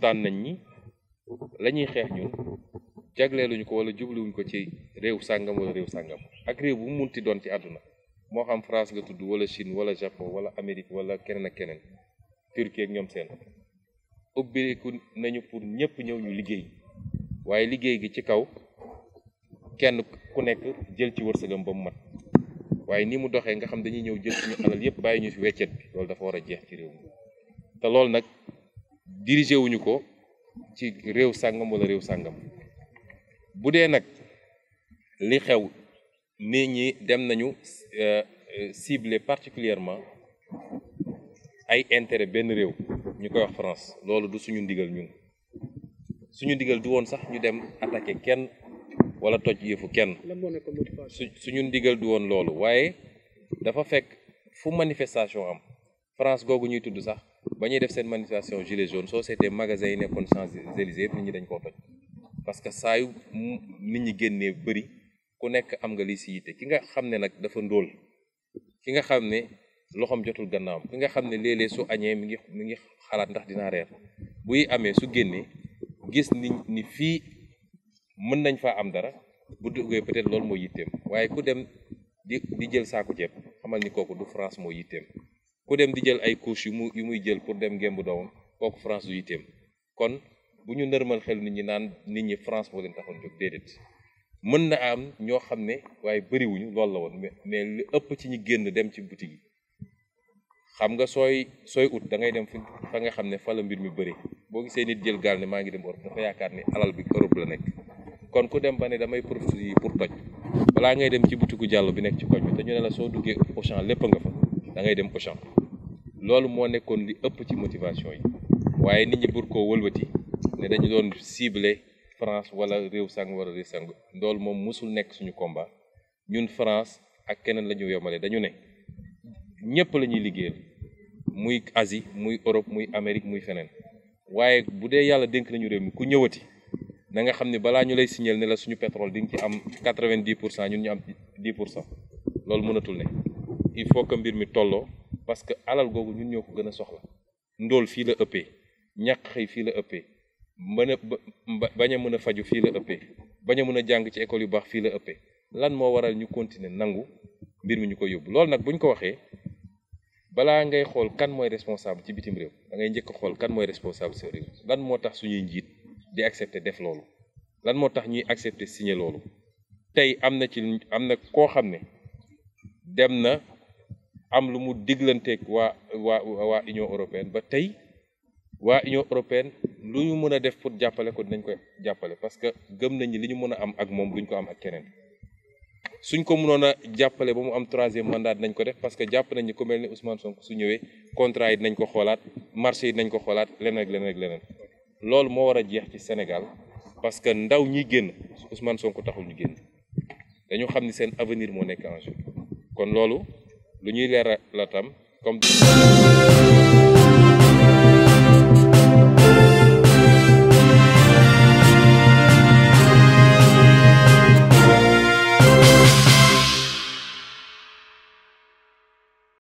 tànn nañ ñi lañuy ñuy xeex ñun jagleeluñ ko wala jubluwuñ ko ci réew sàngam wala réew sàngam ak réew bu munti doon ci àdduna moo xam France nga tudd wala Chine wala Japon wala Amérique wala keneen ak keneen Turquie ak ñoom seen ubbiku nañu pour ñëpp ñëw ñu liggéey waaye liggéey gi ci kaw kenn ku nekk jël ci wërsëgam ba mu mat waaye ni mu doxee nga xam dañuy ñëw jël suñu alal yëpp bàyyi ñu fi weccet bi loolu dafa war a jeex ci réew mi te loolu dirigé wuñu ko ci réew sàngam wala réew sàngam bu dee nag li xew nit ñi dem nañu euh, euh, cibler particulièrement ay intérêt benn réew ñu koy wax France loolu du suñu ndigal ñun suñu ndigal du woon sax ñu dem attaqué kenn wala toj yëfu kenn su suñu ndigal du woon loolu waaye dafa fekk fu manifestation am France googu ñuy tudd sax ba ñuy def seen manifestation gilet jaune soo seetee magasin yi nekkoon Champs-Élysées nit ñi dañ koo toj parce que saa yu nit ñi génnee bëri ku nekk am nga lii si yitte ki nga xam ne nag dafa ndóol ki nga xam ne loxoom jotul gannaawam ki nga xam ne léeg su añee mi ngi mi ngi xalaat ndax dinaa reer buy amee su génnee gis ni ni fii mën nañ faa am dara bu duggee peut-être loolu moo yitteem waaye ku dem di jël saaku ceeb xamal ni kooku du France moo yitteem ku dem di jël ay couches yu mu yu muy jël pour dem gémb doomam kooku France du yitteem kon bu ñu nërmal xel nit ñi naan nit ñi France moo leen taxoon mën na am ñoo xam ne waaye bëriwuñu loolu la woon mais li ëpp ci ñi génn dem ci boutique xam nga sooy sooy ut da ngay dem fi fa nga xam ne fa mbir mi bëri boo gisee nit jël gaal maa ngi dem Europe yaakaar ni alal bi Europe la nekk kon ku dem ba ne damay profité yi pour toj balaa ngay dem ci boutique jàll bi nekk ci koñ bi ne la soo duggee Auchan lépp nga fa da ngay dem Auchan loolu moo nekkoon li ëpp ci motivation yi waaye nit ñi bur koo wëlbati ne dañu doon ciblé France wala réew sang wala réew sang loolu moom mosul nekk suñu combat ñun France ak keneen la ñu yemale dañu ne ñëpp la ñuy liggéeyal muy asi muy Europe muy Amérique muy feneen waaye bu dee yàlla dénk nañu réew mi ku ñëwati na nga xam ne balaa ñu lay signal ne la suñu pétrole di nga ci am quatre vingt pour cent ñun ñu am pour cent loolu mënatul ne il faut que mbir mi tolloo. parce que alal googu ñun ñoo ko gën a soxla ndóol fii la ëppee ñàkk xëy fii la ëppee mën a bañ a mën a faju fii la ëppee bañ a mën a jàng ci école yu baax fii la ëppee lan moo waral ñu continuer nangu mbir mi ñu ko yóbbu loolu nag bu ñu ko waxee balaa ngay xool kan mooy responsable ci bitim réew da ngay njëkk xool kan mooy responsable sa réew lan moo tax suñuy njiit di accepter def loolu lan moo tax ñuy accepter signer loolu tey am na ci am na koo xam ne dem na am lu mu diglanteek waa waa waa Union européenne ba tey waa Union européenne lu ñu mën a def pour jàppale ko dinañ ko jàppale parce que gëm nañ ni li ñu mën a am ak moom duñ ko am ak keneen suñ ko mënoon a jàppale ba mu am troisième mandat dinañ ko def parce que jàpp nañu ni mel ni Ousmane Sonko su ñëwee contrat yi dinañ ko xoolaat marché yi dinañ ko xoolaat leneen ak leneen ak leneen loolu moo war a jeex ci Sénégal parce que ndaw ñi génn Ousmane Sonko taxul ñu génn dañoo xam ni seen avenir moo nekk en lu ñuy leeral la tam comme